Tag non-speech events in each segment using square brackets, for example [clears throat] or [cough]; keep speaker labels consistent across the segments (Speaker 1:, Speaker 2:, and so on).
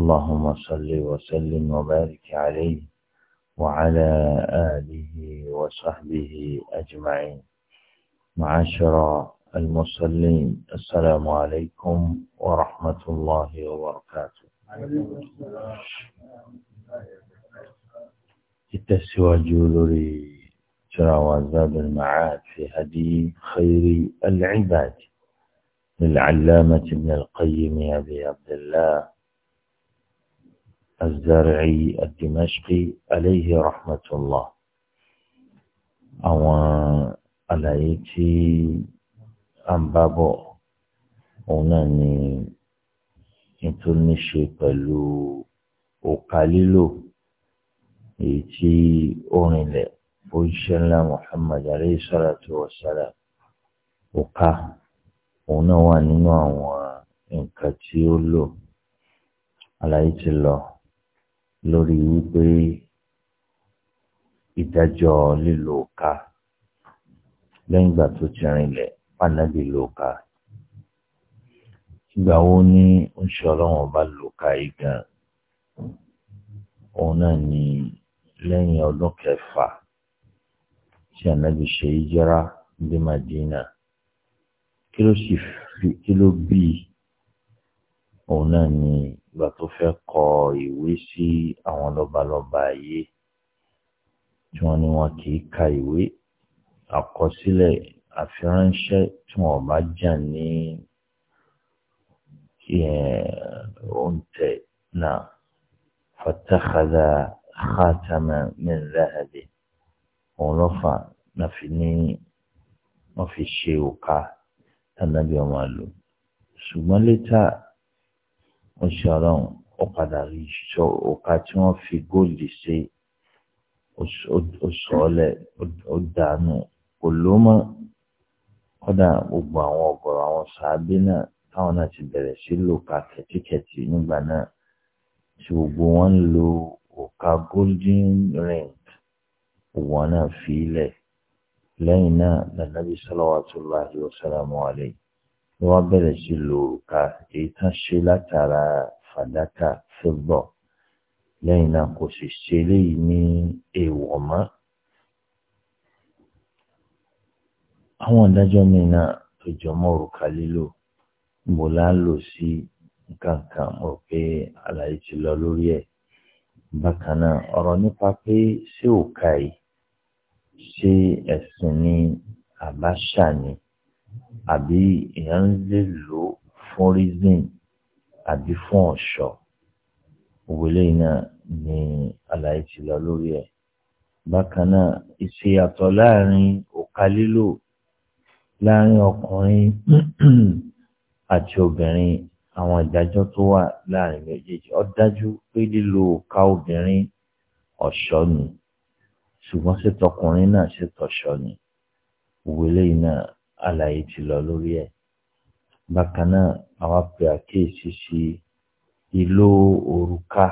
Speaker 1: اللهم صل وسلم وبارك عليه وعلى آله وصحبه أجمعين معاشر المصلين السلام عليكم ورحمة الله وبركاته التسوى جولري جراوازات المعاد في هدي خير العباد للعلامة ابن القيم أبي عبد الله الزرعي الدمشقي عليه رحمة الله àwọn àlàyé tí a ń bá bọ̀ òun náà ni ètò ní ṣe pẹ̀lú òkà lílò èyí tí ó rinlẹ̀ ojíṣẹ́ ńlá Muhammad alayhi salatu wa salam òkà òun náà wà nínú àwọn nǹkan tí ó lò àlàyé ti lọ lórí wípé ìdájọ́ lílo òka lẹ́yìn ìgbà tó ti rinlẹ̀ pànàbí lo òka. Ìgbà wo ni ń ṣe ọlọ́run ọba lo òka yìí gan? Òun náà ni lẹ́yìn ọdún kẹfà tí ànábì ṣe ìjẹ́ra dé Màdínà. Kí ló sì fi kí ló bí òun náà ni ìgbà tó fẹ́ kọ ìwé sí àwọn lọ́balọ́ba ayé tí wọ́n ní wọn kì í ka ìwé àkọsílẹ̀ àfiránṣẹ́ tí wọ́n bá jà ní oúnjẹ náà fatakhadha khatama min òun ló fà náà ní wọ́n fi ṣe òka tánàbí ọmọ àlò ṣùgbọ́n létà wọ́n ṣe ọlọ́run ó padà rí sọ òka tí wọ́n fi góòlì ṣe ó sọ ọ́ lẹ̀ ó dànù kò ló mọ́ kódà gbogbo àwọn ọ̀gọ̀rọ̀ àwọn sàábé náà táwọn náà ti bẹ̀rẹ̀ sí lò ká kẹ̀tíkẹ̀tì nígbà náà tí gbogbo wọn ń lo òka golden ring òun náà fi ilẹ̀ lẹ́yìn náà lànàbí salawatullahi wa salamu alayhi ni wọ́n bẹ̀rẹ̀ sí lo òrùka èyí tán ṣe látara fàdákà fíbọ̀ lẹ́yìn náà kò sì ṣe eléyìí ní èèwọ̀ mọ́. àwọn ìdájọ́ mi náà tó jọ mọ́ òrùka lílò mo là ń lò sí nǹkankan mo rò àlàyé ti lọ lórí ẹ̀ bákan náà ọ̀rọ̀ nípa pé ṣé òka yìí ṣé ẹ̀sìn ni àbáṣà ni àbí èèyàn lè lò ó fún reason àbí fún ọ̀ṣọ́ gbogbo eléyìí náà ni àlàyé ti lọ lórí ẹ̀. bákan náà ìṣèyàtọ̀ láàrin òkà lílò láàrin ọkùnrin [clears throat] àti obìnrin àwọn ìdájọ́ tó wà láàrin méjèèjì ó dájú pé lílo òkà obìnrin ọ̀ṣọ́ ni ṣùgbọ́n ṣètọkùnrin náà ṣètọ̀ṣọ́ ni gbogbo eléyìí náà àlàyé ti lọ lórí ẹ̀. bákan náà àwa pe àkíyèsí sí ìlò òrùka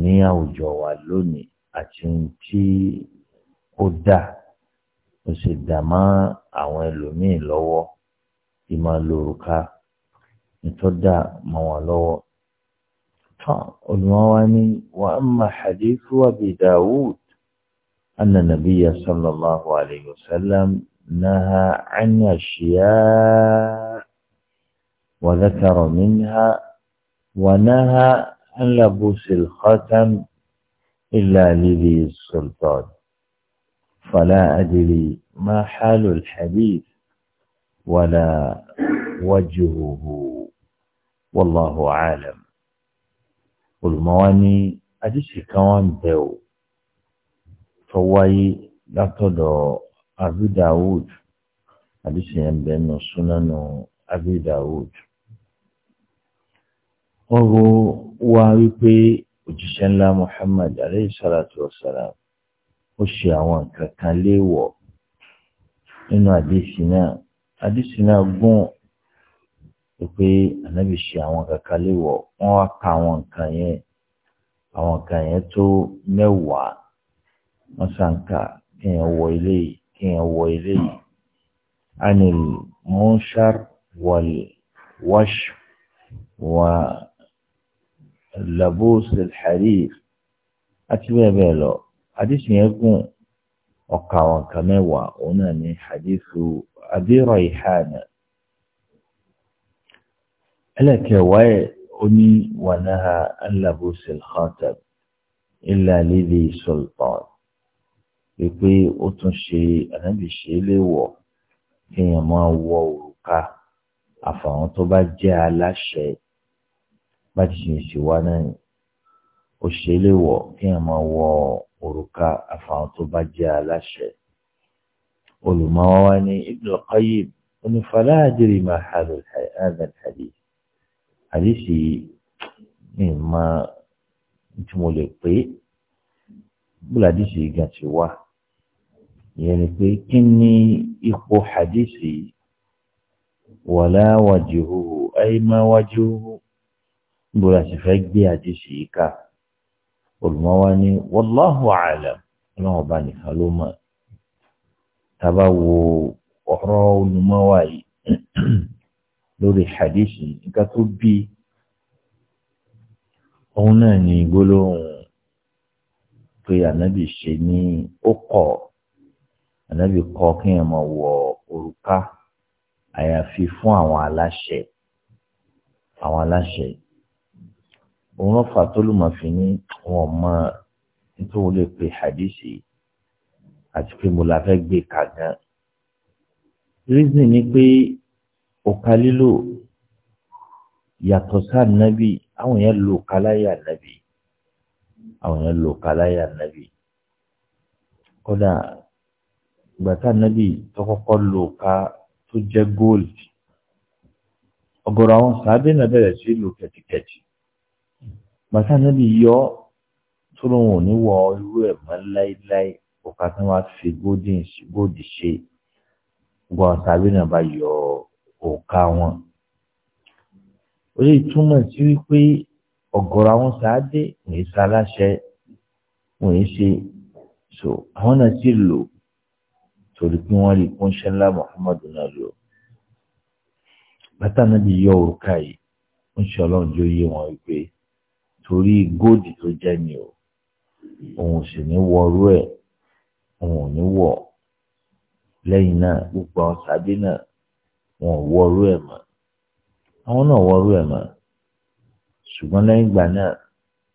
Speaker 1: ní àwùjọ wa lónìí àti tí ó dà ó sì dà mọ́ àwọn ẹlòmíín lọ́wọ́ ìmọ̀ lòrùka nítorí dà mọ́ wọn lọ́wọ́. tán olùmọ́wá ní wa amma hadithu Abi Dawud anna nabiyya sallallahu alayhi wa sallam. نهى عن أشياء وذكر منها ونهى عن لبوس الختم إلا لذي السلطان فلا أدري ما حال الحديث ولا وجهه والله عالم والمواني adíṣe كوان wá فواي لا ò abu dawud àdìsí yẹn bẹ́ẹ̀ nù súnánù abu dawud. wọ́n ro wá wípé òjíṣẹ́ ńlá muhammad aleyhi salatu wa salam ó ṣe àwọn nǹkan kan léèwọ̀ nínú àdìsí náà àdìsí náà gùn pé ànábì ṣe àwọn kankan léèwọ̀ wọ́n wá ka àwọn nǹkan yẹn àwọn nǹkan yẹn tó mẹ́wàá wọ́n sàǹkà kéèyàn wọ ilé yìí ويلي عن المنشر والوش واللبوس الحرير أتبه بيلو حديث يقول وقع وكما وعونا من حديث أبي ريحان ألا كواي أني ونهى اللبوس الخاتب إلا لذي سلطان wípé ó tún ṣe ànábì ṣe é léwọ̀ kéèyàn máa wọ òrùka àfàwọn tó bá jẹ́ aláṣẹ bá ti ṣe ṣe wá náà ni ó ṣe é léwọ̀ kéèyàn máa wọ òrùka àfàwọn tó bá jẹ́ aláṣẹ. olùmọ̀wá wa ní Ibn onífàlà àdìrí máa hàlù hàdàn hadith àdìsí mi máa tí mo lè pé bùládìsí gan ti wá ìyẹn ni pé kí ni ipò hadisi wàlá wàjúhù àyèmá wàjúhù níbo la sì fẹ́ gbé hadisi yìí ká olùmọ́wá ní wallahu a'lam ọlọ́run ọba nìkan ló mọ̀ tábà wo ọ̀rọ̀ olùmọ́wá yìí [clears throat] lórí hadisi nǹkan tó bí òun náà ní gbólóhùn pé ànábì ṣe ní ó kọ̀ ọ́ ànábì kọ́ kí èèyàn máa wọ òrùka àyàfi fún àwọn aláṣẹ àwọn aláṣẹ òun ló fà tó lùmọ̀ fi ní wọn mọ nítorí lè pe hadisi àti pé mo la fẹ́ gbé e ka gan reason ni pé òka lílò yàtọ̀ sáà nábì àwọn èèyàn lò òka láyé ànábì àwọn èèyàn lò òka láyé ànábì kódà ìgbàtà nábì tó kọ́kọ́ lò ká tó jẹ́ gold ọ̀gọ̀rọ̀ àwọn sàábé náà bẹ̀rẹ̀ sí lò kẹ̀tìkẹ̀tì ìgbàtà nábì yọ tó lóun ò ní wọ irú ẹ̀ mọ́ láéláé òkà tí wọ́n á fi góòdì ṣe gbogbo àwọn sàábé náà bá yọ òkà wọn. ó lè túmọ̀ sí wípé ọ̀gọ̀rọ̀ àwọn sàábé ní sáláṣẹ wọ́n ń ṣe so àwọn náà ti lò torí pé wọ́n rí kó ń ṣe ńlá muhammadu náà lò bàtà náà bí yọ òrùka yìí ń ṣe ọlọ́run jó yé wọn wípé torí góòdì tó jẹ́ ni o òun sì ní wọrú ẹ̀ òun ò ní wọ̀ lẹ́yìn náà gbogbo àwọn sàdé náà wọn ò wọrú ẹ̀ mọ́ àwọn náà wọrú ẹ̀ mọ́ ṣùgbọ́n lẹ́yìn ìgbà náà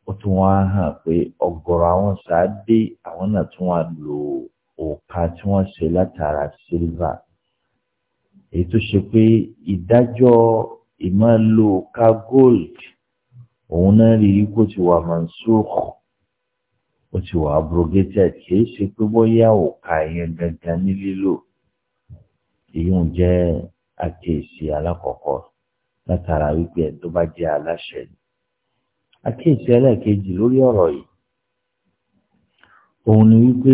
Speaker 1: ó tún wá hàn pé ọ̀gọ̀rọ̀ àwọn sàdé àwọn náà tún wá lò ó òka tí wọ́n ṣe látara sílvà èyí tó ṣe pé ìdájọ́ ìmọ̀lò òka gold òun náà rí i kó ti wà mansukh ó ti wà abrogated kìí ṣe pé bóyá òka yẹn gangan ní lílò èyí ń jẹ́ àkíyèsí alákọ̀ọ́kọ́ látara wípé ẹni tó bá jẹ́ aláṣẹ ni àkíyèsí ẹlẹ́ẹ̀kejì lórí ọ̀rọ̀ yìí òun ni wípé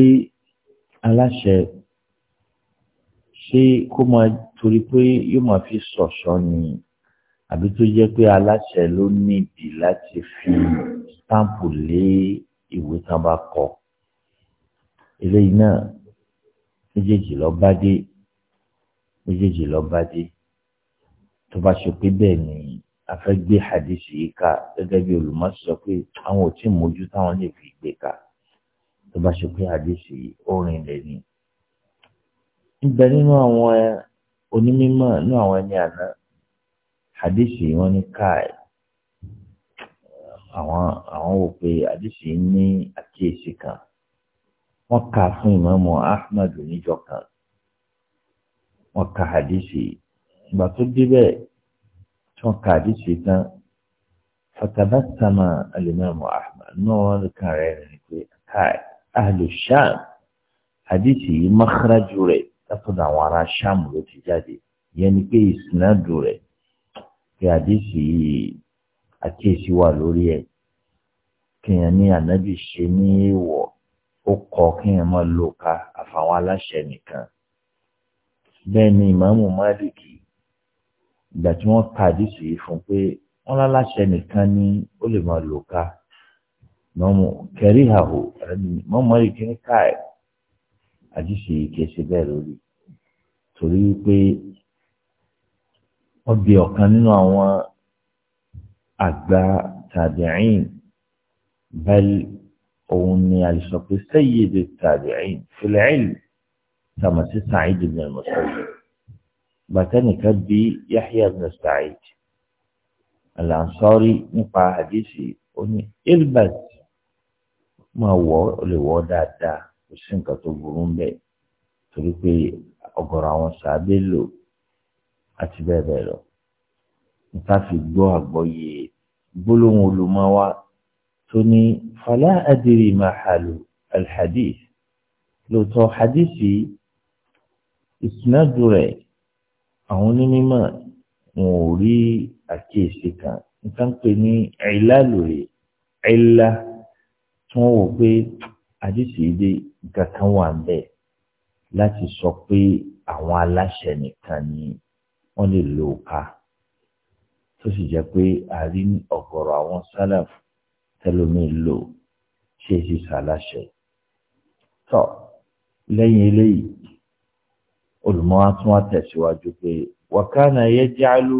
Speaker 1: aláṣẹ ṣé kó máa torí pé yóò máa fi ṣọ̀ṣọ́ ni àbí tó jẹ́ pé aláṣẹ ló nídìí láti fi stampu lé ìwé tán bá kọ eléyìí náà méjèèjì lọ bá dé méjèèjì lọ bá dé tó bá ṣe pé bẹ́ẹ̀ ni a fẹ́ gbé hadisi yìí ká gẹ́gẹ́ bí olùmọ̀ sọ pé àwọn ò tí ì mójú táwọn lè fi gbé ká tó bá ṣe pé àdìsí orin lè ní. Ibẹ̀ nínú àwọn onímọ̀ nínú àwọn ẹni àná àdìsí wọn ní káì àwọn àwọn wò pé àdìsí ní àkíyèsí kan wọ́n kà fún ìmọ̀ọ́mọ́ Ahmed níjọ kan wọ́n ka àdìsí ìgbà tó débẹ̀ tí wọ́n ka àdìsí tán fatabassama al Ahmed náà wọ́n kà rẹ̀ ní pé káì ahlu sham hadithi yìí makharaju rẹ̀ látọ̀dọ̀ àwọn ará sham ló ti jáde ìyẹn ni pé ìsìnàdù rẹ̀ pé hadithi yìí àkíyèsí wà lórí ẹ̀ kéèyàn ní ànábì ṣe ní èèwọ̀ ó kọ kéèyàn máa lo ka àfàwọn aláṣẹ nìkan bẹ́ẹ̀ ni ìmáàmù Málìkì ìgbà tí wọ́n ka hadithi yìí fún pé wọ́n láláṣẹ nìkan ni ó lè máa lo ka mọ́mú kẹrí àhò mọ́mú rí kí ní káì àdìsí kẹsì bẹ́ẹ̀ lórí torí pé wọ́n bí ọ̀kan nínú àwọn àgbà tàbíìn bẹ́ẹ̀ òun ni àlùsọ̀pẹ́ sẹ́yẹ̀dẹ̀ tàbíìn fìlẹ́ẹ̀lì tàmásí sàáìdì ní ọ̀sẹ̀ bàtẹ́nìkan bí yáhíà ní sàáìdì àlànsọ́rí nípa àdìsí ó ní ilbert máa wọ̀ ọ́ lè wọ̀ ọ́ dáadáa kò sí nǹkan tó burú ń bẹ̀ torí pé ọ̀gọ̀rọ̀ àwọn sàábé lò àti bẹ́ẹ̀ bẹ́ẹ̀ lọ. níta fi gbọ́ àgbọ́yé gbólóhùn olùmọ́wá tó ní fàlà àdìrí màhàlù alhadith lóòótọ́ hadithi ìsìnàdù rẹ̀ àwọn onímọ̀ wọn ò rí àkíyèsí kan níta pè ní ìlà lórí ìlà tí wọ́n wò pé àdìsí ìdí nǹkan kan wà ń bẹ̀ láti sọ pé àwọn aláṣẹ nìkan ni wọ́n lè lo òka tó sì jẹ́ pé àrí ọ̀gọ̀rọ̀ àwọn sálàf tẹ́lómi lò ṣe é sì sàláṣẹ. tọ́ lẹ́yìn eléyìí olùmọ́wá tún wá tẹ̀síwájú pé wàkánà yẹ jálù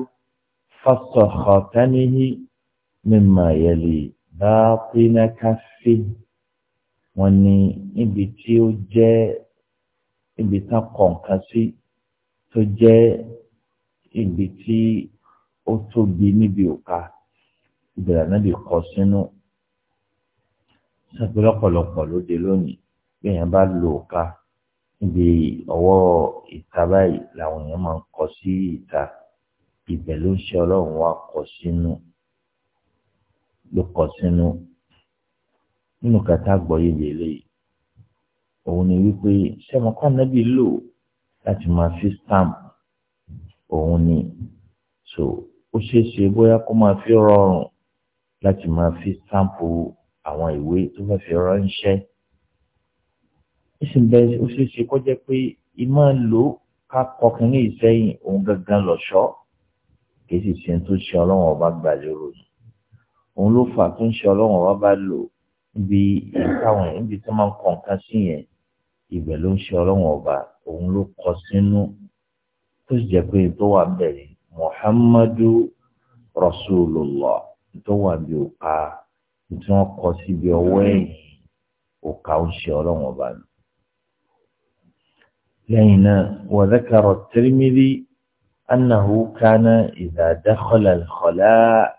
Speaker 1: fásọ̀kọ̀tánìhì mímọ̀ yẹlẹ́yìí báàpínà káfí wọn ni ibi tí ó jẹ́ ibi tán kọ̀ọ̀kan sí tó jẹ́ ibi tí ó tóbi níbi òka ìbẹ̀rẹ̀ náà lè kọ sínú sọ́pẹ́ lọ́pọ̀lọpọ̀ lóde lónìí bí èèyàn bá lo òka níbi ọwọ́ ìta báyìí làwọn èèyàn máa ń kọ sí ìta ibẹ̀ ló ń ṣe ọlọ́run wá kọ sínú ló kọ sínú nínú kàtà gbọ́yé lélẹ́yìí òun ni wípé sẹ́mọ̀kọ́ nẹ́bí lò láti máa fi stamp òun ni so ó ṣeé ṣe bóyá kó máa fi rọrùn láti máa fi stamp àwọn ìwé tó fẹ́ fi ránṣẹ́ ìsìnbẹ ó ṣeé ṣe kó jẹ́ pé ìmọ̀ lò ká kọkùnrin ìsẹ́yìn òun gangan lọ́ṣọ́ kì í sì ṣe tó ṣe ọlọ́run ọba gbà lérò òun ló fà tó ń ṣe ọlọ́run wa bá lò níbi ìtàwọn níbi tó máa ń kọ̀ nǹkan sí yẹn ibẹ̀ ló ń ṣe ọlọ́run ọba òun ló kọ sínú tó sì jẹ́ pé tó wà bẹ̀rẹ̀ muhammadu rasulullah tó wà bí òkà tí wọ́n kọ síbi ọwọ́ ẹ̀yìn òkà ń ṣe ọlọ́run ọba lò. لين وذكر الترمذي أنه كان إذا دخل الخلاء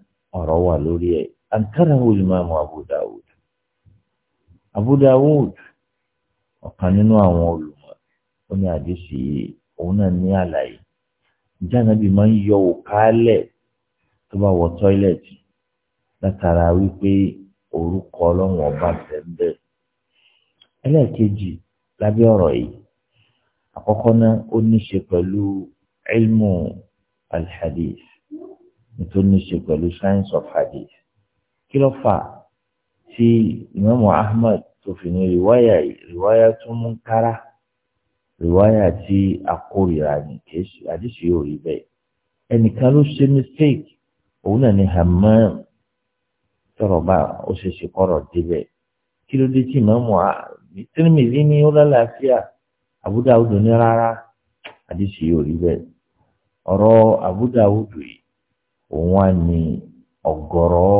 Speaker 1: ọ̀rọ̀ wà lórí ẹ̀ ankarahu ìmáàmù Abu Dawud Abu Dawud ọ̀kan nínú àwọn olùmọ̀ ó ní àdìsí òun náà ní àlàyé jánàbí máa ń yọ òkálẹ̀ tó bá wọ tọ́ílẹ̀tì látara wípé orúkọ ọlọ́run ọba bẹ̀ẹ̀bẹ̀. ẹlẹ́ẹ̀kejì lábẹ́ ọ̀rọ̀ yìí àkọ́kọ́ náà ó ní ṣe pẹ̀lú ilmu alhadith tó ní ṣe pẹ̀lú science of hadith kí ló fà tí imaamu ahmed tó fi ní riwaya riwaya tó mú kára riwaya tí a kórìíra ní kéésì àdìsí yóò rí bẹ́ẹ̀ ẹnìkan ló ṣe mistake òun náà ní hammam tọrọba ó ṣe ṣe kọrọ débẹ̀ kí ló dé tí imaamu Tirmidhi ní ó lálàáfíà Abu ní rárá àdìsí yóò rí bẹ́ẹ̀ ọ̀rọ̀ Abu yìí òun ni ọ̀gọ̀rọ̀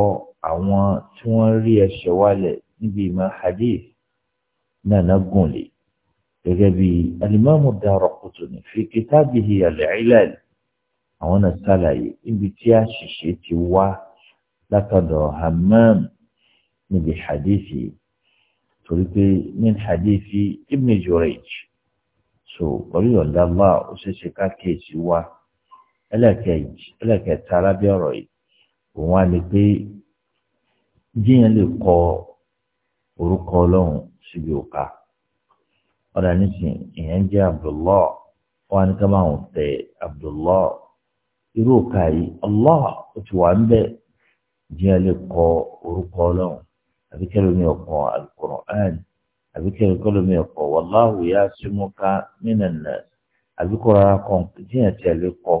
Speaker 1: àwọn tí wọ́n rí ẹsẹ̀ wálẹ̀ níbi ìmọ̀ hadith náà náà gùn lé gẹ́gẹ́ bí alimami Daraqutni fi kitabihi al-Ilal àwọn náà sàlàyé níbi tí àṣìṣe ti wá látọ̀dọ̀ Hammam níbi hadithi torí pé ní hadithi Ibn Jurayj so orí ọ̀dà bá ó ṣeéṣe ká kéèsì wá ẹlẹ́ẹ̀kejì ẹlẹ́ẹ̀kẹta alábẹ́ ọ̀rọ̀ yìí òun á lè pé jíyàn lè kọ orúkọ ọlọ́run síbi òka ọ̀dà nísìnyí ìyẹn jẹ́ Abdullah wọn ní ká máa ń tẹ Abdullah irú òka yìí Allah ó ti wà ń bẹ̀ jíyàn lè kọ orúkọ ọlọ́run àbí kẹlòmí ọkọ Al-Qur'an àbí kẹlòmí ọkọ wallahu ya'simuka minan nas àbí kọ́ jíyàn tẹ̀lé kọ́.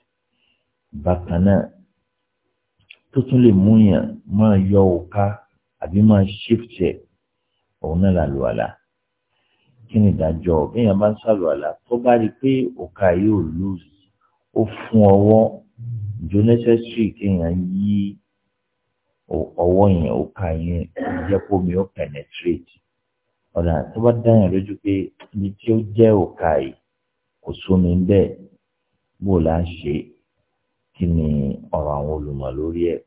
Speaker 1: bákan náà tó tún lè mú yàn máa yọ òka àbí máa shift ẹ̀ òun náà làlùwàlà kí ni ìdájọ́ béèyàn bá ń ṣàlùwàlà tó bá rí i pé òka yóò lose ó fún ọwọ́ jo necessary kéèyàn yí ọwọ́ yẹn òka yẹn jẹ́ kó mi ó penetrate ọ̀nà tó bá dáyàn lójú pé ibi tí ó jẹ́ òka yìí kò sómi bẹ́ẹ̀ bó la ṣe kí ni ọ̀rọ̀ àwọn olùmọ̀ lórí ẹ̀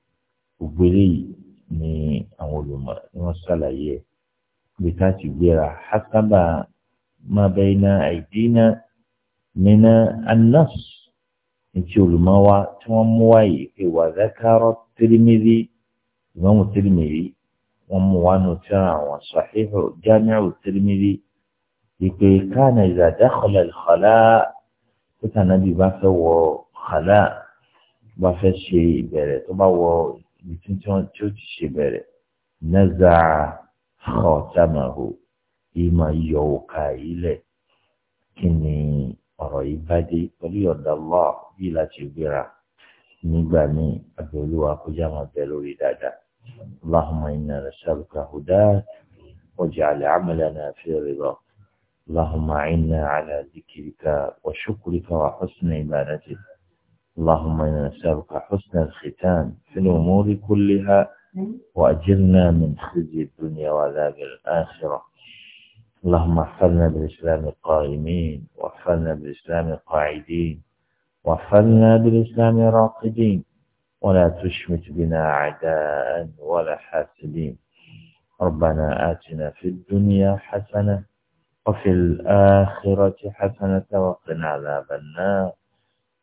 Speaker 1: gbogbo eléyìí ni àwọn olùmọ̀ ni wọ́n ṣàlàyé ẹ̀ bí ká ti gbéra hásábà máa bẹ iná àìdínà nínú anas ntí olùmọ̀ wa tí wọ́n mú wáyé pé wà zákàrọ̀ Tirmidhi ìmọ̀mù Tirmidhi wọ́n mú wá nù tí àwọn sahihu Jami'u Tirmidhi ìpè kánà idha dakhala al pé kànáà bá fẹ́ wọ khala' tó bá fẹ́ ṣe ìbẹ̀rẹ̀ tó bá wọ ibi tí wọ́n tí ó ti ṣe bẹ̀rẹ̀ nẹ́zà khọ́tàmàhù ìmọ̀ yọ òkà ilẹ̀ kí ni ọ̀rọ̀ yìí bá dé pẹ̀lú ọ̀dà lọ́ bí láti gbéra nígbà míì àbẹ̀olúwa kó máa bẹ lórí dáadáa. اللهم إنا نسألك هداك واجعل عملنا في رضا اللهم عنا على ذكرك وشكرك وحسن عبادتك اللهم إنا نسألك حسن الختام في الأمور كلها وأجرنا من خزي الدنيا وعذاب الآخرة اللهم احفظنا بالإسلام قائمين واحفظنا بالإسلام قاعدين واحفظنا بالإسلام راقدين ولا تشمت بنا أعداء ولا حاسدين ربنا آتنا في الدنيا حسنة وفي الآخرة حسنة وقنا عذاب النار